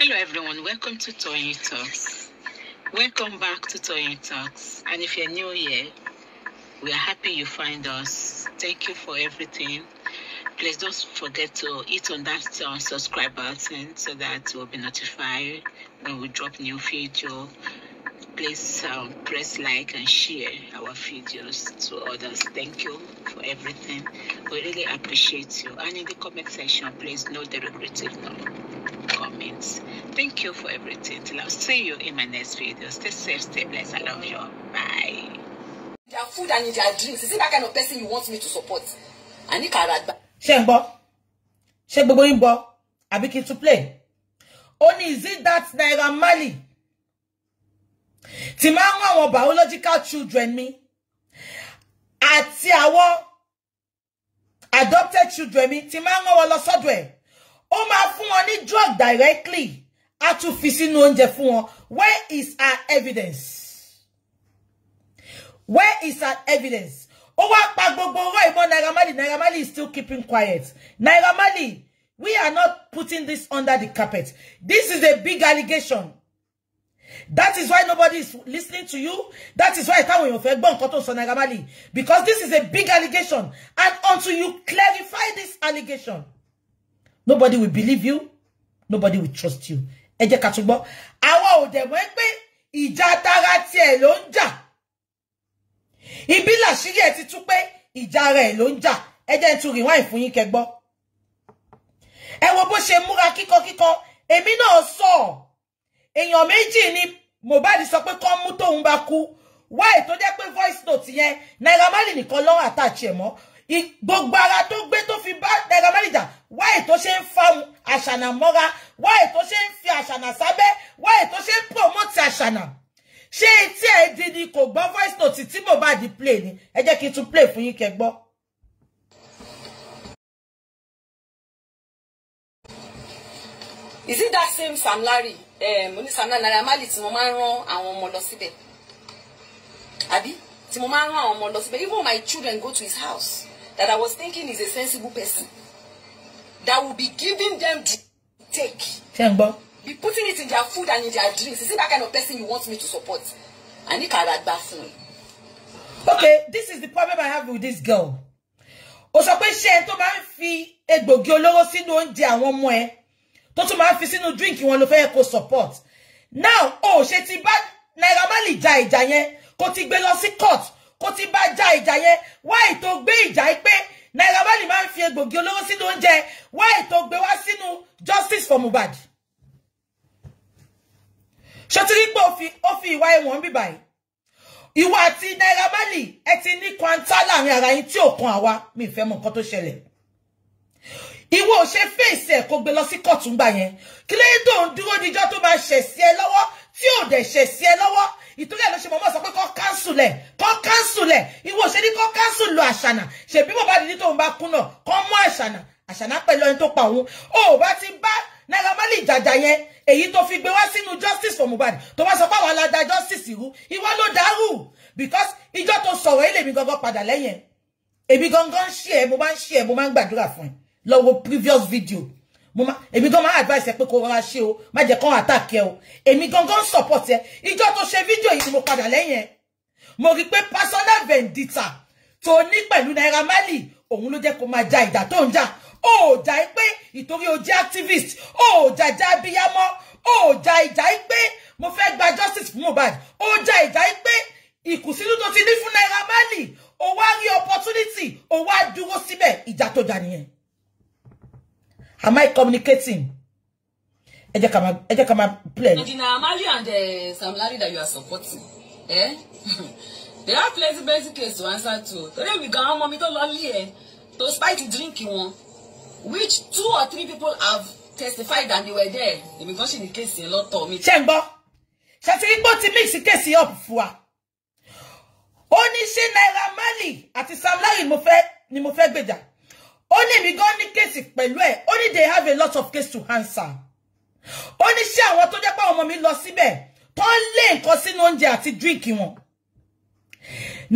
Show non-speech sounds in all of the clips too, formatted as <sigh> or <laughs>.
Hello everyone, welcome to Toy Talks. Welcome back to Toy Talks. And if you're new here, we are happy you find us. Thank you for everything. Please don't forget to hit on that uh, subscribe button so that you'll be notified when we drop new video. Please um, press like and share our videos to others. Thank you for everything. We really appreciate you. And in the comment section, please no derogatory note friends. Thank you for everything. Till I'll see you in my next video. Stay safe, stay blessed. I love you. Bye. Their food and their drinks. Is it that kind of person you want me to support? I need Karad. Ṣé ń gbọ́? Ṣé gbogbo yín ń gbọ́? Àbí kí n Shembo, se gbogbo yin n gbo abi play? Only is it that Naira Marley? Tí máa ń biological children me. àti awo adopted children me. tí máa ń wọ́n wọn lọ ó máa fún wọn ní drug directly a tún fi sínú oúnjẹ fún wọn where is our evidence where is our evidence ó wá pa gbogbo ọ̀rọ̀ ìmọ̀ Naira Marley Naira Marley is still keeping quiet Naira Marley we are not putting this under the carpet this is a big allegation that is why nobody is listening to you. That is why táwọn èèyàn fẹ́ gbọ́ nǹkan tó sọ Naira Because this is a big allegation. And until you clarify this allegation, nobody will believe you nobody will trust you Eje jẹ́ àwa ò dẹ̀ mọ̀ ìjà tara tiẹ̀ ló ń jà ibi làṣírí ẹ̀ ti tú pé ìjà ara ẹ̀ ló ń jà ẹ jẹ́ ibi la e ti tu ija re elonja. Eje n ja e je n tun ẹ wo bó múra kíkọ kíkọ èmi náà sọ èèyàn méjì ni Mohbad sọ pé kán umbaku. Wa bá kú wáyé tó jẹ́ pé voice note ye na Marley nìkan lọ́wọ́ àtàchì mọ́ gbogbo ara tó gbé tó fi bá Naira Marley jà wáyé ṣe ń fa àṣànà mọ́ra wáyé tó ṣe ń fi àṣànà sábẹ́ wáyé tó ṣe ń promote àṣànà ṣé etí ẹ̀ di ni kò gbọ́ voice note tí Mohbad play ni ẹ jẹ́ kí n tún play fún yín kẹ́ is it that same Sam Larry um, eh, oní Sam Larry Naira Marley tí mo máa ń rán àwọn ọmọ lọ síbẹ̀ àbí tí mo máa ń rán àwọn ọmọ lọ síbẹ̀ even my children go to his house that I was thinking is a sensible person that will be giving them the take. Ṣé ń gbọ́? Be putting it in their food and in their drinks. Is it that kind of person you want me to support? Àní kàrà gbà fún mi. Okay, this is the problem I have with this girl. Ó sọ pé ṣé ẹni tó máa ń fi egbògi olóró sínú oúnjẹ àwọn ọmọ ẹ tó tún máa ń fi sínú drink wọn ló fẹ́ kó support. Now, ó ṣe ti bá Naira Marley ja ìjà yẹn kó ti gbé lọ sí court kó ti bá já ìjà yẹn wáì tó gbé ìjà yìí pé Naira Marley máa ń fi egbògi olóró sínú oúnjẹ wáì tó gbé wá sínú justice for Mohbad ṣọtúrí pé ó fi ìwà ẹ̀wọ̀n bíbà yìí ìwà àti Naira Marley ẹ ti ní kwanta láàrin ara yín tí ò kan àwa mi ìfẹ́ mọ nǹkan tó ṣẹlẹ̀ ìwọ ò ṣe fèsì ẹ̀ kó gbé lọ sí kóòtù ńgbà yẹn kí lẹ́yìn tó ń dúró níjọ́ tó máa ṣẹ̀ sí ẹ lọ́wọ́ tí ò dẹ̀ ṣẹ̀ sí ẹ lọ́wọ́ ìtorí ẹ̀ ló ṣe mama sọ pé kọ́ káńsùlẹ̀ kọ́ káńsùlẹ̀ ìwọ ṣe ní kọ́ cancel lo àṣànà ṣèbí bàbá dídí tóun bá kùnà kọ́ mọ́ àṣànà àṣànà pe lo tó pa òun ó bá ti bá Naira Marley jàjà yẹn èyí tó fi gbé wá sínú justice for Mohbad tó wá sọ wa la da justice irú ìwọ ló dàrú because ìjọ tó sọ̀rọ̀ le mi gangan padà lẹ́yìn èmi gangan ṣe ẹ mo máa ń ṣe ẹ mo máa ń gbàdúrà fún lọ wo previous video mo èmi gan ma advice ẹ pé kó rọra ṣe o má jẹ́ kán attack ẹ o èmi gangan support ẹ ìjọ́ tó ṣe fídíò yìí ni mo padà lẹ́yìn ẹ mo rí pé personal vendetta tó ní pẹ̀lú Naira Marley òun ló jẹ́ kó máa ja ìjà tó ń jà ó jà o ja pe itori o je activist ó jà já abiyamọ ó jà ìjà í pé mo fẹ́ gba justice fún Mohbad ó jà ìjà í pé ìkùnsínú tó ti ní fún Naira Marley ó wá rí opportunity ó wá dúró síbẹ̀ ìjà tó jà nìyẹn. Am I communicating? Ẹ jẹ́ ká máa, ẹ jẹ́ ká máa play. Regina Amali and uh, Sam Larry that you are supporting. Eh? <laughs> There are plenty, basic cases to answer to. Today we got mommy to lolly eh, to spite drinking one, which two or three people have testified that they were there. They be pushing the case a lot of me. Ṣé ń gbọ́, ṣé ti case up fún Only Ó ní ṣé at the àti Sam Larry mo fẹ́ ni mo Only ní èmi ní kéèsì pẹ̀lú ẹ̀ Only they have a lot of case to answer Only ní ṣé àwọn tó jẹ́ pé àwọn ọmọ mi lọ síbẹ̀ tó lé nǹkan sínú oúnjẹ àti díríǹkì wọn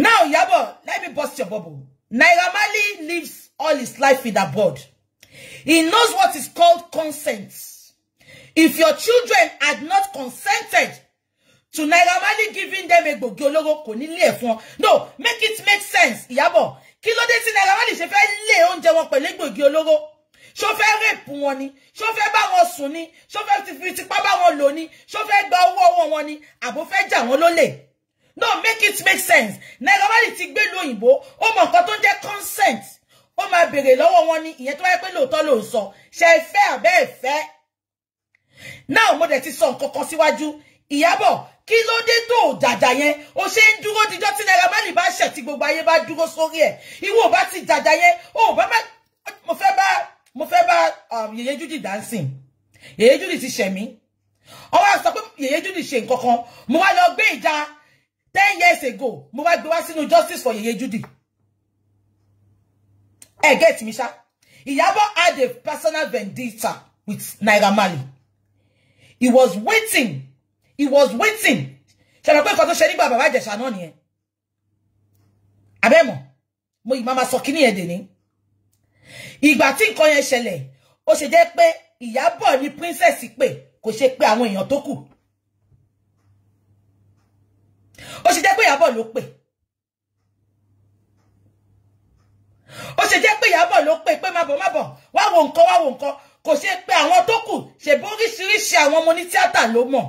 now yabo. let me bust your bubble Naira lives all his life with abroad. he knows what is called consent if your children had not consented to Naira giving them a olóró kò no make it make sense yabo kí ló dé tí ṣe fẹ́ lé wọn ṣó fẹ́ wọn ni ṣó fẹ́ bá wọn sùn ni ṣó fẹ́ fi bá wọn lò ni ṣó fẹ́ gba owó wọn ni àbó fẹ́ jà wọ́n no make it make sense Naira Marley ti gbé lu ni ìyẹn tó wáyé pé lóòótọ́ ló ń sọ ṣe fẹ́ àbẹ́ ìfẹ́ náà mo to je consent o maa bere lowo won ni iyen to pe lo so se fe abe ife mo de ti sọ nǹkan kan Ìyábọ̀ kí ló dé tó jàjà yẹn o ṣe ń dúró dijọ́ tí Naira Marley bá ṣẹ̀ tí gbogbo ayé bá dúró sórí ẹ̀ ìwọ bá ti jàjà yẹn o bá má mo fẹ́ bá mo fẹ́ bá um, yèyé júdì dancing yèyé júdì ti ṣẹ̀ mí ọwọ́ sọ pé yèyé júdì ṣe nǹkan mo wá lọ gbé ìjà ten years ago mo wá gbé sínú justice for yèyé júdì ẹ gẹ́ẹ̀tì mi ṣá Ìyábọ̀ had a personal vendetta with Naira Marley he was waiting he was waiting Shall I go nnkan to se nigba baba ijesa máa ma sọ kíní yẹn dè ní ìgbà tí nǹkan yẹn ṣẹlẹ̀ ó ṣe jẹ́ pé Ìyábọ̀ ni princess Ikpe. kò ṣe pé àwọn èèyàn tó kù ó ṣe jẹ́ pé Ìyábọ̀ ló pè ó ṣe jẹ́ pé Ìyábọ̀ ló pè pé má bọ̀ má bọ̀ wá wo nǹkan wá wo nǹkan kò ṣe pé àwọn tó shi ṣèbóríṣiríṣi àwọn ọmọ tíátà lomo. mọ̀.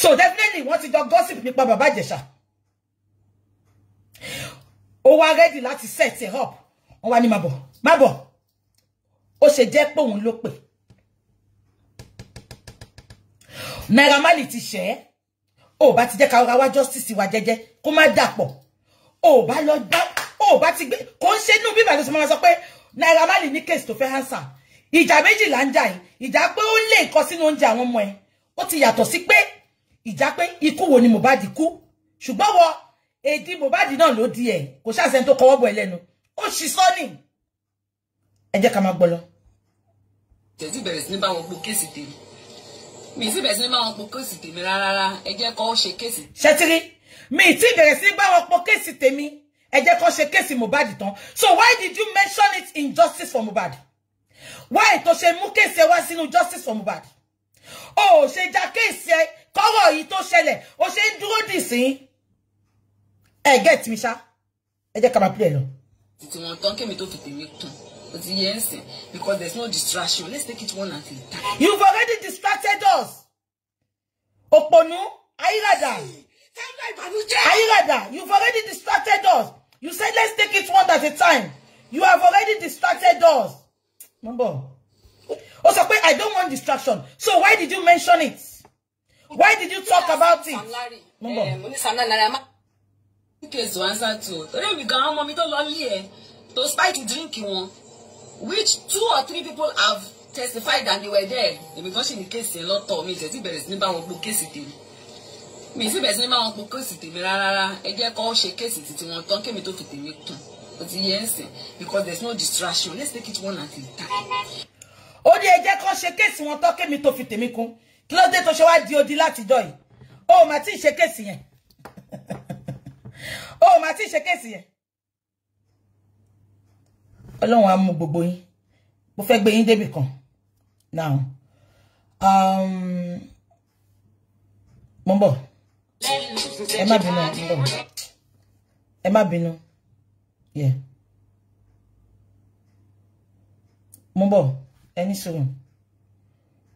so definitely once you jọ gossip nípa bàbá Ìjẹ̀ṣà ó wá ready láti set it up wọ́n wá ní má bọ̀ má bọ̀ ó ṣe jẹ́ pé òun ló pè Naira Marley ti ṣe é ó ti jẹ́ ká ra justice wa jẹ́jẹ́ kó má dàpọ̀ ó bá lọ gbá ó bá ti gbé kò ń ṣe inú bíbà ló sọ máa sọ pé Naira Marley ní case tó fẹ́ answer ìjà méjìlá ń jà yìí ìjà pé ó lè kọ sínú oúnjẹ àwọn ọmọ ẹ̀ ó ti yàtọ̀ sí ìjà pé ikú wo ni Mohbad kú ṣùgbọ́n wọ èdè Mohbad na ló di ẹ̀ kò ṣàṣẹ tó kọwọ́ bọ̀ ẹ lẹ́nu ó ṣì sọ ni ẹ jẹ́ ká gbọ́ lọ. ní bá wọn po kéèsì tèmi mi sì ní bá wọn po kéèsì tèmi rárá ẹ jẹ́ kó ṣe kéèsì. ṣẹ́tírí mi ti bẹ̀rẹ̀ sí bá wọn po kéèsì tèmi ẹ jẹ́ kó ṣe so why did you mention it in justice for mubadi? why tó ṣe mú kéèsì ẹ wá sínú justice for mubadi? Oh ò ṣe kọ́rọ̀ yìí tó ṣẹlẹ̀ ó ṣe ń dúró dì sí ẹ get me ṣá ẹ jẹ́ ká máa lọ. títí wọn tán kémi tó fiti tèmi tán ó ti yẹ because there is no distraction let's take it one at a time. you've already distracted us òpònú ayírádà ayírádà you've already distracted us you said let's take it one at a time you have already distracted us. Number. ó I don't want distraction so why did you mention it? Why did you talk about it? Eh, mo ní Sam Larry. answer to. Torí mi gan-an ọmọ mi tó lọ lé ẹ̀ tó spike drink wọn which two or three people have testified that they were there. Èmi kan ṣì ní kéèsì ẹ̀ lọ́tọ̀ mi ìtẹ̀tí bẹ̀rẹ̀ sí ní bá wọn po kéèsì tèmi. Mi sì bẹ̀rẹ̀ sí ní bá wọn po kéèsì tèmi rárá. Ẹ jẹ́ kó ṣe kéèsì títí wọn tán kémi tó fi tèmi kùn. Ó ti yẹ because there's no distraction. Let's take it one at a time. Ó ní ẹ jẹ́ kó ṣe kéèsì wọn tán kémi tó fi tèmi kùn. Close ló tó show wá di odi látijọ́ yìí Oh <laughs> o ò mà tí ì ṣe kéèsì yẹn ọlọ́run á mú gbogbo yín mo fẹ́ gbé now um, Mumbo, Emma Bino, ẹ má bínú yeah. Mumbo, any soon,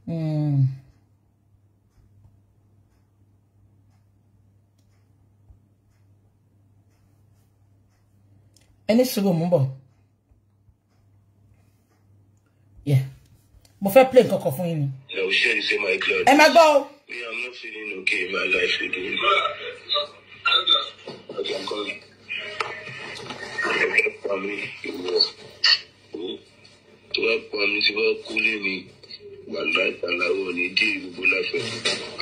ẹni ẹni sùúrù mú bọ̀ yẹ mo fẹ́ play nǹkan fún yín ni. ẹ máa gbọ́ o. Me, I'm not I'm coming. Pàmí gbogbo láfẹ̀ẹ́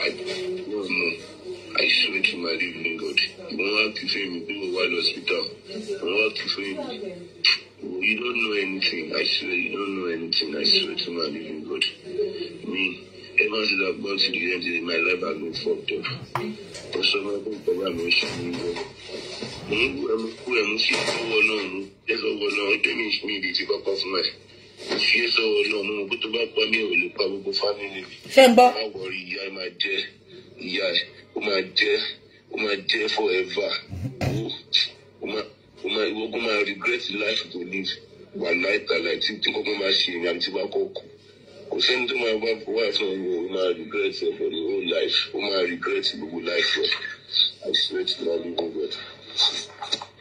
àti wọn náà. I swear to my living God ìwọ́n wá kí fún mi pé mo wà lọ́sítàn ìwọ́n wá kí You don't know anything. I swear you don't know anything. I swear to my living God. Me, ever since I've gone to the end of my life, I've been fucked up. But somehow, God, I'm not sure you know. Mo ń gbọ́ ẹmu kú ẹmu sí ọwọ́ náà mú. Ẹ sọ̀wọ́ náà, ó tẹ́mi ìsinmi ìdí ti kọ́kọ́ fún ẹ fi ẹ sọ ọ̀nà ọmọ ọmọ tó bá pa mí ò lè pa gbogbo fámìlì mi. fẹ́ ń bọ́. má wọrí ìyá ẹ máa jẹ ìyá ẹ ó máa jẹ́ ó máa jẹ́ forever ìwọ kó máa regret life to live wà láì tàlà tí tí kọ́kọ́ máa ṣe ìrìn àti bá kọ́ kù kò sẹ́ni tó máa bá wà fún ọ ó máa regret ẹ̀ for your whole life ó máa regret gbogbo life ẹ̀ I swear to my living oh God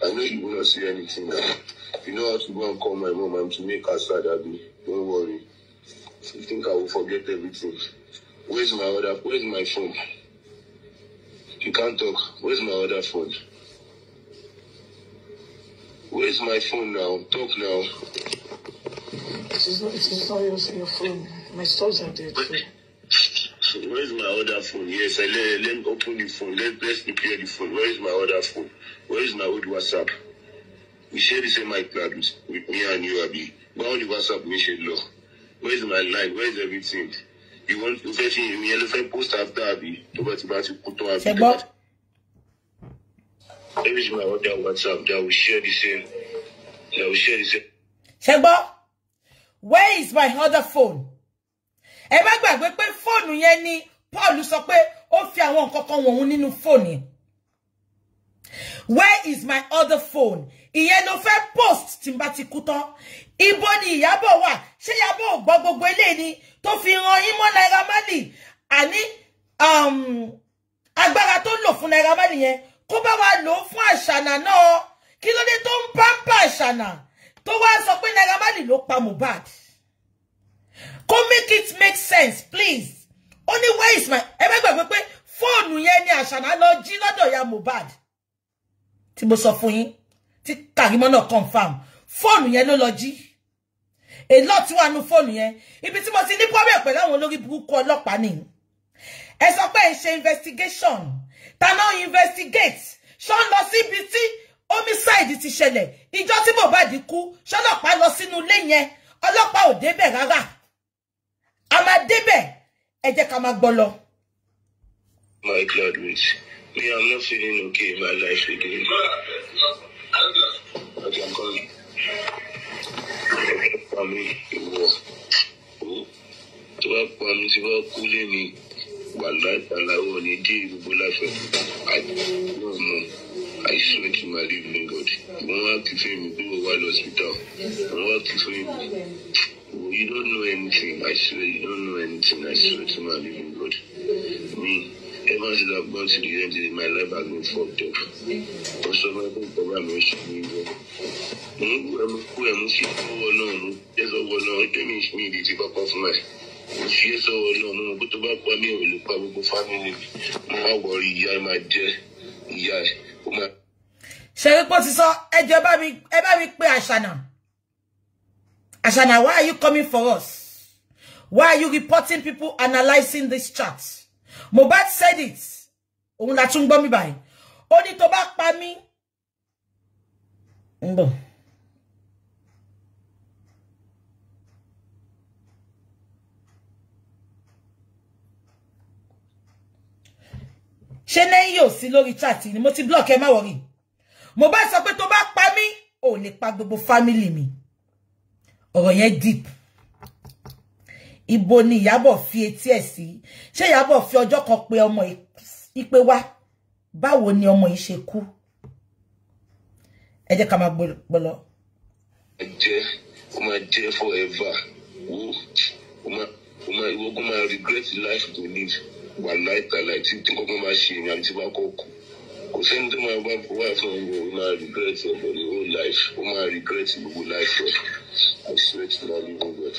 I know you will not see anything now you know how to go and call my mom and to make her sad abi don't worry you think I will forget everything where's my other where's my phone. You can't talk. Where's my other phone? Where's my phone now? Talk now. This is not, this is not your, your phone. My stores are there too. Where's my other phone? Yes, I let, let me open the phone. Let, let's prepare the phone. Where is my other phone? Where is my old WhatsApp? We share the same iCloud with, with me and you, Abby. on the WhatsApp we share law. Where's my line? Where's everything? ìwọ ló fẹ́ fi ìrìn yẹn ló post after àbí tó bá ti bá ti kú tán àbí. ṣẹgbọ́n. every time I WhatsApp they will share the same they will share the same. ṣẹgbọ́n where is my other phone? ẹ má gbàgbé pé fóònù yẹn ni Paul sọ pé ó fi àwọn nǹkan kan wọ̀nyún nínú phone yẹn. Where is my other phone? Iye no fẹ́ post tí n bá ti kú ku Ibo ni Ìyábọ̀ wà? Ṣé gbogbo eléyìí ni tó fi ran yín mọ́ Naira àní um, agbára tó lò fún Naira yẹn kó bá wa lò fún àṣànà kí ló dé tó àṣànà tó wá sọ pé Naira ló pa kó make it make sense please Only way is my e ba pe foonu jí lọ́dọ̀ ya tí mo sọ fún yín tí yẹn ló lọ jí. a lot wà nínú fóònù yẹn ibi tí mo ti ní problem pẹ̀lú àwọn olórí burúkú ọlọ́pàá ni ẹ sọ pé ẹ ṣe investigation tana investigate ṣọ́n lọ sí ibi tí homicide ti ṣẹlẹ̀ ìjọ tí Mohbad kú ṣọlọ́pàá lọ sínú ilé yẹn ọlọ́pàá ò débẹ̀ rárá a máa débẹ̀ ẹ jẹ́ ká máa gbọ́ lọ. my blood wait me i'm not feeling okay in my life again <laughs> okay i'm coming. Okay pa mí ìwọ o tó bá pa mí tí wọ́n kú lé ní wàhálà ní dé gbogbo láfẹ́ àdúgbò mọ́ I swear to my God wọ́n wá kí fún mi bí wọ́n wá lọ hospital wọ́n wá kí fún mi you don't know anything I swear you don't know anything I swear to my living God me everything I've gone through, everything in my life has been fucked up. But somehow I think I'm not sure. Who am I? Fi ọwọ́ náà mú. Jésù ọwọ́ náà tẹ́mi mi ìdí ti pápá fún ẹ̀. Mo fi ẹsẹ̀ ọwọ́ náà mú. Bó tó bá pa mí, ò lè pa gbogbo fámìlì Mo máa wọrí ìyá máa jẹ ìyá ẹ̀. Ó máa. Ṣeré pọ́ ti sọ, ẹ ẹ bá mi pé Àṣànà. Àṣànà, why are you coming for us? Why are you reporting people analyzing this chat? Mohbad said it òun la tún gbọ́ mi báyìí ó ní tó bá pa mí ń bọ̀. ṣé lẹ́yìn yóò sí chat ni mo ti block ẹ má wọrí Mohbad sọ pé tó bá pa mí ò lè pa gbogbo fámìlì mi ọ̀rọ̀ yẹn deep ibo ni Ìyábọ̀ fi etí ẹ̀ sí ṣé Ìyábọ̀ fi ọjọ́ kan pé ọmọ ìpè wá báwo ni ọmọ yìí ṣe kú ẹ jẹ́ ká máa gbọ́ lọ. ẹ jẹ́ ó máa jẹ́ forever wo ó máa ìwọ kó máa regret life to live wà láìta láì tí tí kọ́kọ́ máa ṣe ìrìn àti bá kọ́ kù kò sẹ́ni tó máa bá wà fún ọmọ ó regret ẹ̀ for the whole life ó máa regret gbogbo life I swear to God even God.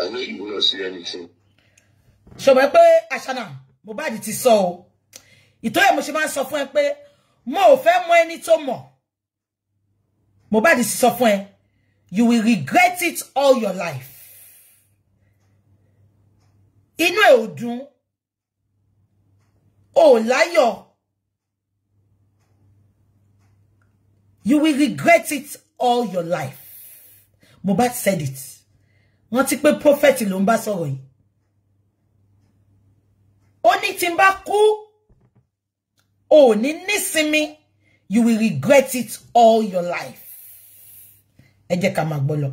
I know you will not see anything. ṣọ̀bọ̀ pé àṣànà Mohbad ti sọ o ìtọ́yẹ̀ mo ṣe máa ń sọ pé mo ò fẹ́ mọ ẹni tó mọ̀ Mobile ti sọ you will regret it all your life inú e odun. Oh liar. you will regret it all your life Mohbad said it. wọ́n ti pé prophet ló ń bá sọ̀rọ̀ yìí ó ní tí n bá kú ò ní nísinmi you will regret it all your life ẹ jẹ́ ká máa gbọ́ lọ.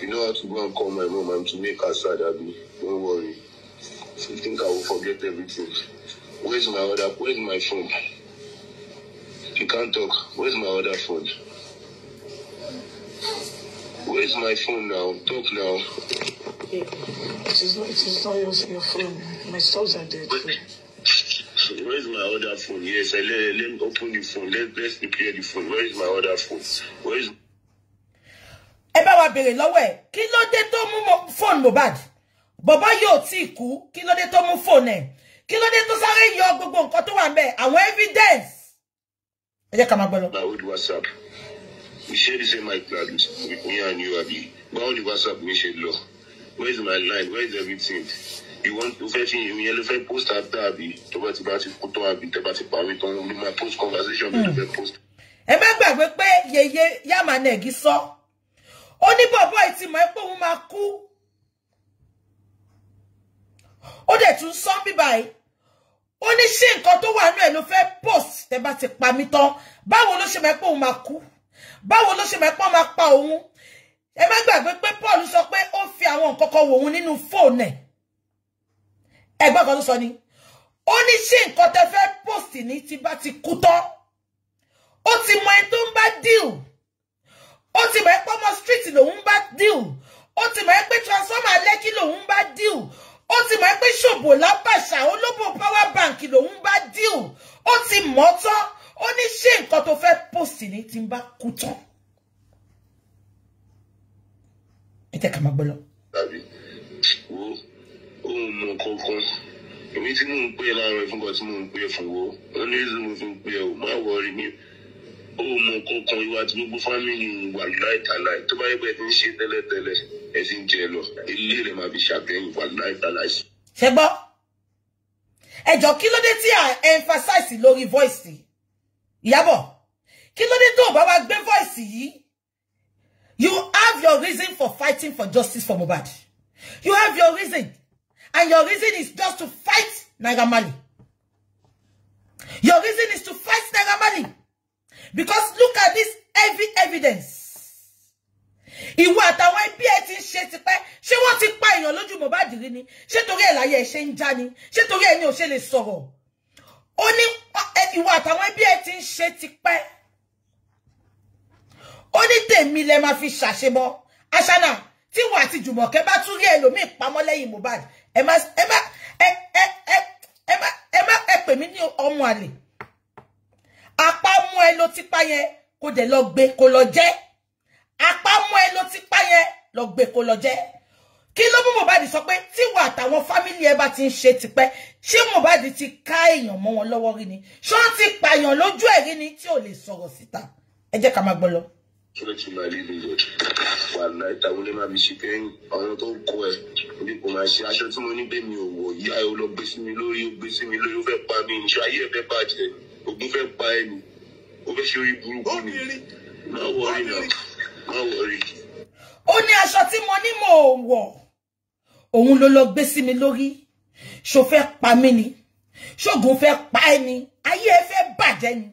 You know how to go and call my mom and to make her sad, Abi. Don't worry. She think I will forget everything. Where's my other? Where's my phone? She can't talk. Where's my other phone? Where is my phone now? Talk now. It is not yours, your phone. My soul is dead. Where is my other phone? Yes, let me open the phone. Let me play the phone. Where is my other phone? Where is my... Ebe wabire, lawè. Ki lò de to moun fon mou badi? Baba yo tiku, ki lò de to moun fonè? Ki lò de to zare yo go bonkotu wame? An wè vi dèns? Eje kamabon. Eje kamabon. iṣẹ́ ìṣe máa gbà mí àní wa bí báwo ni whatsapp mi ṣe lọ where is my line where is everything ìwọ ló fẹ́ fi ìrìn yẹn ló fẹ́ post after àbí tó bá ti bá ti kú tán àbí tó bá ti parí tán ló máa post conversation bí ló hmm. fẹ́ post. ẹ má gbàgbé pé yèyé yamanegi sọ ó ní bọ̀bọ̀ ìtìmọ̀ ẹ pé òun máa kú ó dẹ̀ tún sọ bíbáyìí ó ní ṣé nǹkan tó wà nínú ẹ̀ ló fẹ́ post tẹ́ bá ti pa mí tán báwo ló ṣe mọ̀ ẹ́ pé òun máa kú báwo ló ṣe mẹ́pọ́n máa pa òun ẹ má gbàgbé pé Paul sọ pé ó fi àwọn nǹkan kan wò òun nínú fóònù ẹ̀ ẹgbẹ́ kan ló sọ ni ó ní ṣé nǹkan tẹ fẹ́ post ní ti bá ti kú tán ó ti mọ ẹni tó ń bá deal ó ti mọ̀ ẹ́ pé street lòun bá deal ó ti mọ̀ ẹ́ pé transformer lẹ́kí lòun bá deal ó ti mọ̀ ẹ́ pé ṣòbò lápàṣà olóbò power bank lòun bá deal ó ti mọ̀ tán ó ní ṣé nǹkan tó fẹ́ post ní tí n bá kú tán ẹ ká máa gbọ́ lọ. tàbí wo ohun mọ kankan èmi tí mò ń pè é láàárọ̀ ìfúnpá tí mò ń pè é fún wo ó ní ìlú mo fi ń pè é o má wọrí mi ohun mọ kankan ìwà àti gbogbo fámìlì wà láìtàláì tó bá yẹ pé ẹ ti ń ṣe tẹ́lẹ̀tẹ́lẹ̀ ẹ ti ń jẹ lọ ilé rẹ̀ máa fi ṣàbẹ̀yìn wà láìtàláì. ṣé ẹ̀jọ̀ kí ló dé tí à emphasize lórí voice yìí Yabo, kí ló dé bá wa gbé voice yi. you have your reason for fighting for justice for Mohbad you have your reason and your reason is just to fight Naira your reason is to fight Naira because look at this heavy evidence ìwọ àtàwọn ẹbí ẹ ti ń ṣe tipẹ́ ṣé wọ́n ti pa èèyàn lójú Mohbad ni ṣé torí ẹ̀ láyé ẹ ṣe ń já ni ṣé torí ẹ ní ò ṣe lè sọ̀rọ̀. ó ní ìwà àtàwọn ẹbí ẹ ti ń ṣe tipẹ́ ó ní tèmi lẹ máa fi ṣàṣebọ aṣáná tí wọn àti jùmọ̀kẹ́ bá tún rí ẹlòmíì pamọ́ lẹ́yìn Mohbad ẹ má ẹ má ẹ ẹ ẹ ẹ má ẹ má ẹ pè mí ní ọmọ àlè apá mú ẹ ló tipa yẹn kó dẹ̀ lọ gbé kó lọ jẹ apá mú ẹ ló tipa yẹn lọ gbé kó lọ jẹ kí ló mú Mohbad sọ pé tí wà àtàwọn fámílì ẹ bá ti ń ṣe tipẹ́ ṣé Mohbad ti ká èèyàn mọ́ wọn lọ́wọ́ rí ni ṣé wọ́n ti pààyàn lójú ẹ̀ rí ni tí ò lè sọ̀rọ̀ síta ẹ jẹ́ ká máa gbọ́ lọ. kí máa rí ni yọ wà láì táwọn lè máa mi ṣe kẹ́yìn àwọn tó ń kọ ẹ bí kò máa ṣe aṣọ tí mo ní bẹ́ẹ̀ mi ò wọ̀ yá ẹ lọ gbé sí mi lórí ó gbé sí mi lórí ó fẹ́ pa mi ìṣọ ayé ẹ fẹ́ pa ó ní aṣọ tí mo ní mò wọ̀. òun ló lọ gbé sí mi lórí ṣó fẹ́ pa mí ni ṣógun fẹ́ pa ẹ́ ni ayé ẹ fẹ́ bàjẹ́ ni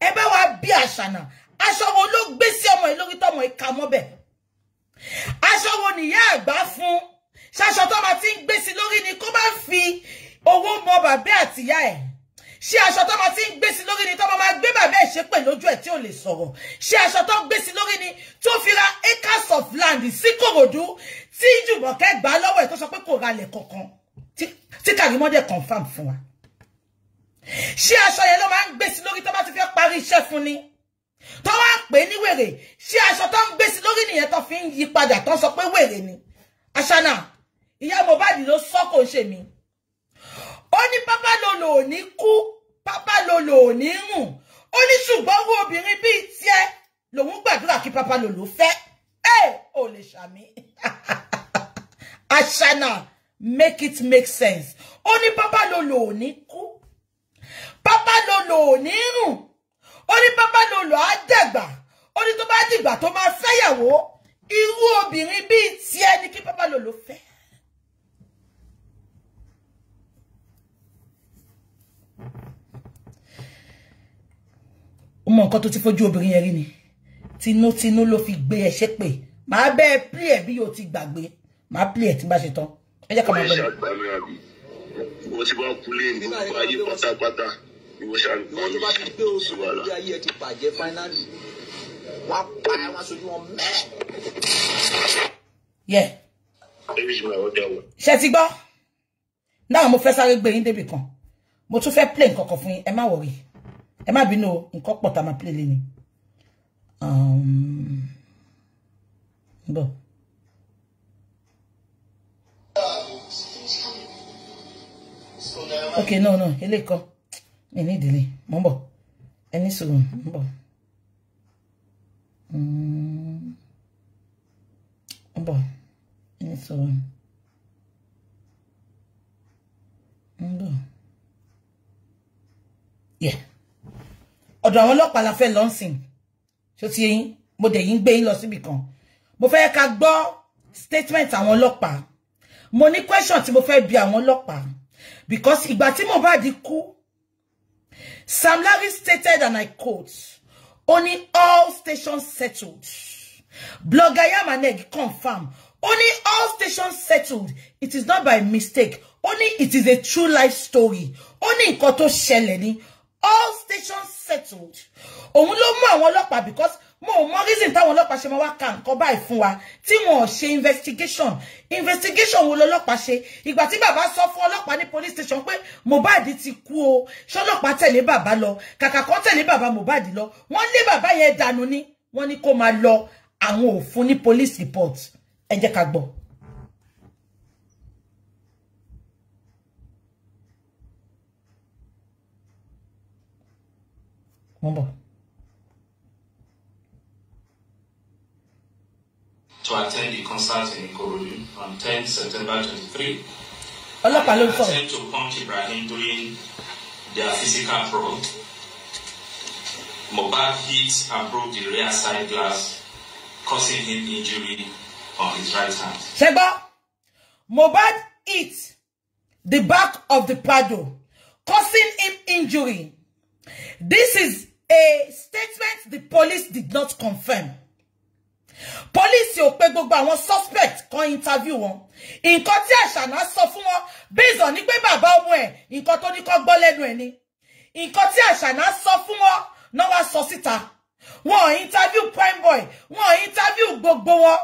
ẹ bá wá bí àṣànà aṣọ wo ló gbé sí ọmọ lórí tọmọ ìka be. aṣọ wo ya àgbà fún ṣaṣọ tó máa ti gbé sí lórí ni kó fi owó mọ bàbá àtìyá ẹ̀. ṣé aṣọ tó máa ti ń gbé sí lórí ni tó máa gbé bàbá ẹ̀ ṣépè lójú ẹ̀ tí ò lè sọ̀rọ̀ ṣé aṣọ tó ń gbé sí lórí ni tó fi ra acres of land sí Kòròdú tí Jùmọ̀kẹ́ gbà lọ́wọ́ ẹ̀ tó sọ pé kò ralẹ̀ kankan tí Kàrímọ́dẹ̀ confam fún wa ṣé aṣọ yẹn ló máa ń gbé sí lórí tó bá ti fẹ́ parí iṣẹ́ fún ni tó wá pè ní wèrè ṣé aṣọ tó ń gbé sí lórí nìyẹn tó fi ń yí padà tó sọ pé wèrè ni aṣáná ìyá Mohbad ló sọ kò ṣe mí Oni pápá lòlò ní kú pápá lòlò ní rùn oni ní ṣùgbọ́n owó obìnrin bíi tiẹ̀ lòun gbàdúrà kí pápá lòlò fẹ́ ẹ ò lè Ashana <laughs> make it make sense oni papa lolo ni ku papa lolo ni run oni papa lolo a dagba o lòlò fẹ́ ó mọ nǹkan tó ti fojú obìnrin yẹn rí ni tinútinú ló fi gbé ẹ ṣépè màá bẹ́ẹ̀ pí ẹ̀ bí yóò ti gbàgbé màá pí ẹ̀ tí bá ṣe tán ẹ jẹ́ ká máa bẹ̀rẹ̀. mo ti bá kulé ní gbogbo ayé pátápátá ni mo ṣàlùkọ́ mi sí wàhálà. wọ́n pa ẹ̀ wọ́n sojú wọn mẹ́ẹ̀. ṣe ti gbọ́ náà mo fẹ́ sáré gbé yín débì kan mo tún fẹ́ play nǹkan kan fún yín ẹ má wọ̀rí. ẹ má bínú nǹkan pọ̀ ma a máa play lé ni um, bọ̀. ok no no eléyìí kọ́ mi ní ìdílé mo ẹni sọ̀rọ̀ mo ń bọ̀ ẹni sọ̀rọ̀ mo yeah ọ̀dọ̀ àwọn ọlọ́pàá la fẹ́ lọ́nsìn ṣó ti yín mo dẹ̀ yín gbé yín lọ síbì kan mo fẹ́ ká gbọ́ statement àwọn ọlọ́pàá mo ní question tí mo fẹ́ bi àwọn ọlọ́pàá because ìgbà tí Mohbad kú Sam Larry stated and I quote "Only all stations settled blogger Yamaneg confirm Only all stations settled it is not by mistake Only it is a true life story Only ni to sele ni all stations settled òun ló mú àwọn ọlọ́pàá because mo mọ reason táwọn ọlọ́pàá ṣe máa wá ka nǹkan báyìí fún wa tí wọn ò ṣe investigation investigation wo lọlọ́pàá ṣe ìgbà tí bàbá sọ fún ọlọ́pàá ní police station pé Mohbad ti kú o ṣọlọ́pàá tẹ̀lé bàbá lọ kàkà kan tẹ̀lé bàbá Mohbad lọ wọ́n lé bàbá yẹn dànù ni wọ́n ní kó máa lọ àwọn ò ní police report ẹ jẹ́ ká gbọ́. wọ́n to attend the concert in Ikorodu on 10 September 23. ọlọ́pàá ló to punch Ibrahim during their physical probe. Mohbad hit and broke the rear side glass, causing him injury on his right hand. Ṣẹ́gbọ́, Mohbad hit the back of the paddle, causing him injury. This is a statement the police did not confirm. Police ò pé gbogbo One suspect kan interview wọn. in tí na sọ fún wọn based on ní pé bàbá ọmọ ẹ̀ nǹkan tó ní kó gbọ́ lẹ́nu ẹ̀ ni. Nǹkan tí Àṣànà sọ fún wọn ti wá sọ síta. Wọn interview prime boy, wọn interview gbogbo wọn.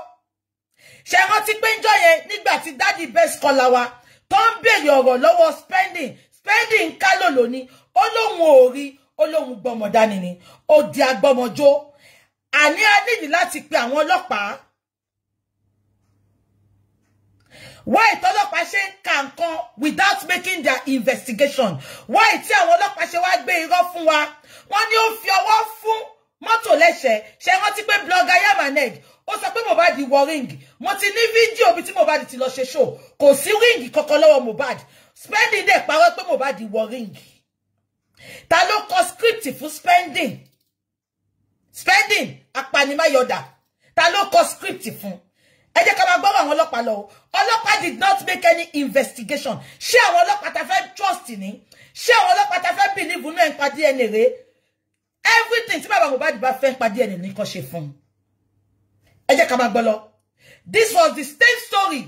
Ṣé rántí pé ńjọ́ yẹn nígbà tí daddy best caller wa tó ń béèrè ọ̀rọ̀ spending spending kalolo lóní Olo lóun ò ó gbọmọ dání ni ó di agbọmọjó àní a níyì pe àwọn ọlọ́pàá why tọlọ́pàá ṣe ń ka without making their investigation why tí àwọn ọlọ́pàá ṣe wá gbé irọ́ fún wa wọ́n ní ó fi ọwọ́ fún mọ́tò lẹ́sẹ̀ ṣe rántí pé blogger Yamaneg ó sọ pé Mohbad wọ ríǹgì mo ti ní fídíò bí tí Mohbad ti lọ ṣe ṣó kò sí ríǹgì kankan lọ́wọ́ Mohbad spending dẹ̀ parọ́ pé Mohbad wọ ríǹgì ta ló kọ script spending spending apanimayọ̀dà ta ló kọ script fún ẹ jẹ́ ká máa gbọ́ àwọn lọ did not make any investigation She àwọn ọlọ́pàá ta fẹ́ trust ni ṣé àwọn ọlọ́pàá ta fẹ́ believe nínú ẹ̀ ń pa DNA rẹ̀ everything tí bàbá Mohbad bá fẹ́ ń pa DNA ní kan ṣe fún un ẹ jẹ́ ká gbọ́ lọ this was the same story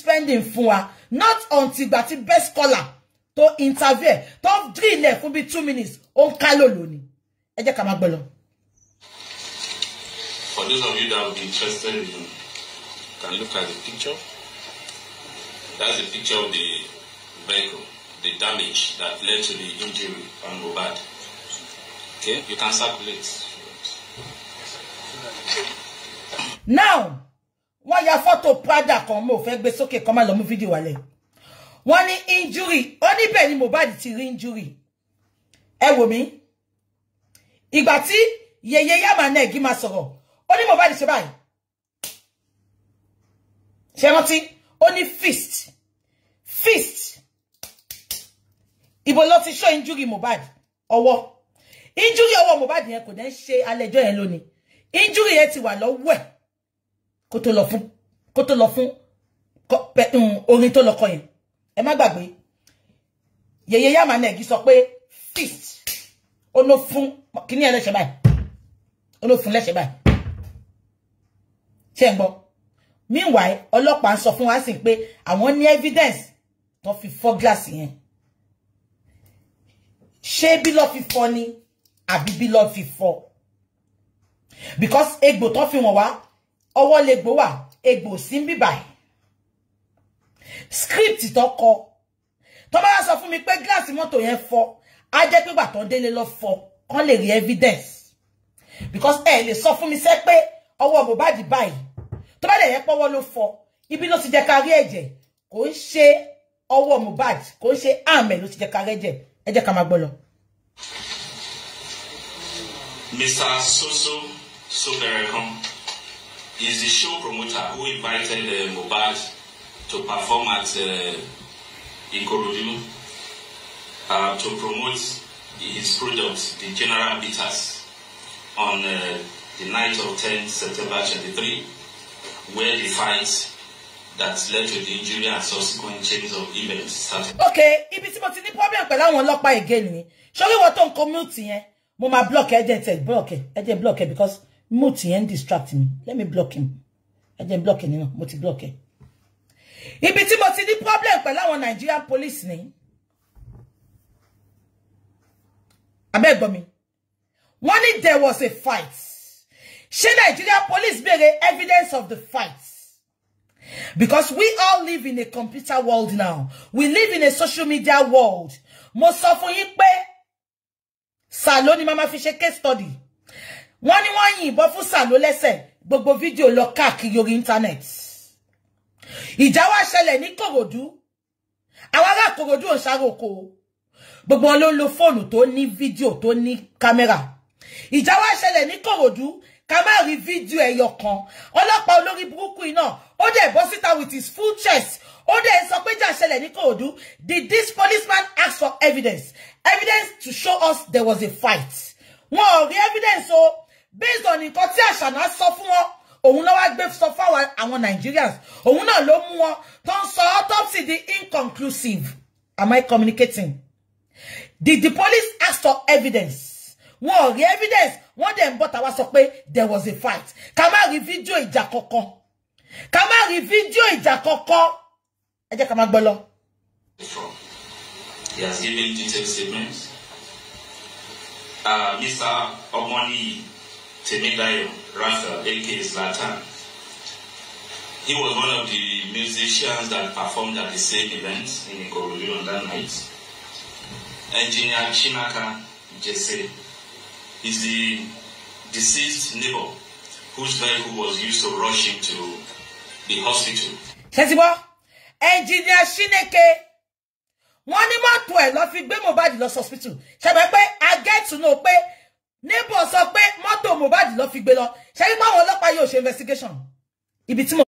spending for not until that best caller tó interview tó drill ẹ̀ fún bí two minutes ó ń ká lòlò ni ẹ jẹ́ ká máa gbọ́ lọ. For those of you that will be interested in can look at the picture that's the picture of the vehicle the damage that led to the injury on Mohbad okay you can circulate. now wọ́n ya fọ́tò Prada kan mo fẹ́ gbé sókè kan máa lọ mú fídíò wálẹ̀ wọ́n ní injury ó níbẹ̀ ni Mohbad ti rí injury ẹ wò mí ìgbà tí yèyé yamanegi máa sọ̀rọ̀ ó ní Mohbad ṣe báyìí ṣe rántí ó ní fist fist ibo ló ti ṣó injury Mohbad ọwọ́ injury ọwọ́ Mohbad yẹn kò dẹ́ ṣe alẹ́jọ́ yẹn lónìí injury yẹn ti wà lọ́wọ́ ẹ̀ kó tó lọ fún kó tó lọ fún mm, orin tó lọ kọ yẹn ẹ má gbàgbé yèyé yá màá nẹ̀gí sọ pé fist Ono fun kini kíní ẹ lẹ́sẹ̀ báyìí ó ló fún lẹ́sẹ̀ báyìí ṣé meanwhile ọlọ́pàá ń sọ fún wa sí pé àwọn ní evidence tó fi fọ́ gíláàsì yẹn ṣé bí lọ́ fi fọ́ ni àbí bí lọ́ fi fọ́ because egbo tó fi wọ̀n wa ọwọ́ lè gbó wà egbò sí ń bíbáyìí script tó kọ tó bá sọ fún mi pé glass moto yẹn fọ́ á jẹ́ pé gbà tó délé lọ fọ́ kọ́n lè rí evidence because eh, lè sọ fún mi ṣé pé ọwọ́ Mohbad báyìí tó bá lè yẹ pọ́wọ́ ló fọ́ ibi ló ti jẹ́ ká rí ẹ̀jẹ̀ kò ń ṣe ọwọ́ Mohbad kò ń ṣe àmì ló ti jẹ́ ká rí ẹ̀jẹ̀ ẹ jẹ́ ká máa gbọ́ Mr. Soso Soberekan is the show promoter who invited uh, Mohbad to perform at uh, Ikorodu uh, to promote his product, the General Bitters, on uh, the night of 10 September 23, where the fight that led to the injury and subsequent chains of events started. Okay, if it's mo ti ní I pẹ̀lú àwọn ọlọ́pàá again ni. Ṣorí what on ń eh? mute yẹn, block ẹ jẹ́ tẹ̀ block ẹ, ẹ jẹ́ block ẹ because Muti yẹn distracting me. Let me block him. I didn't block him, you know. Muti block him. ibi tí mo ti ní problem pẹ̀lú àwọn Nigerian police ni abe mi wọ́n ní there was a fight ṣé Nigerian police béèrè evidence of the fight because we all live in a computer world now we live in a social media world mo sọ fún yín pé màmá fi ṣe case study wọ́n ní wọ́n yìnbọn fún sàló lẹ́sẹ̀ gbogbo video lọ káàkiri internet. ìjà wá ṣẹlẹ̀ ní Kòròdú àwọn ará Kòròdú ò ṣàròkò gbogbo wọn ló ń lo fóònù tó ní fídíò tó ní kámẹ́rà ìjà wá ṣẹlẹ̀ ní Kòròdú ká má rí fídíò ẹyọ kan ọlọ́pàá olórí burúkú iná ó with his full chest ó dẹ̀ sọ pé jà ṣẹlẹ̀ ní Kòròdú did this policeman ask for evidence evidence to show us there was a fight wọn ò evidence so based on nǹkan tí Àṣàná sọ fún wọn òun náà wá gbé sọ I àwọn Nigerians òun náà ló mú wọn tó ń sọ autopsy the inconclusive am I communicating did the police ask for evidence wọn the evidence wọn dẹ̀ ń bọ̀ tàwa sọ pé there was a fight ká má rí video ìjà kankan ká má rí video ìjà Jakoko. ẹ jẹ́ ká má gbọ́ lọ. He has given detailed statements. Uh, Mr. Omoni Temidayo Rafa, aka Zlatan. He was one of the musicians that performed at the same event in Ikorodu on that night. Engineer Chinaka Jesse is the deceased neighbor whose vehicle was used to rush him to the hospital. Ṣẹ́tìbọ́, Engineer Ṣínẹ́kẹ́, wọ́n ní mọ́tò i lọ fi gbé Mohbad lọ sọ́sìpítù. Ṣẹ̀bẹ̀ pé I get to know pé neighbor sọ pé mọ́tò Mohbad lọ fi gbé lọ ṣe rí báwọn ọlọ́pàá yóò ṣe investigation ibi tí mo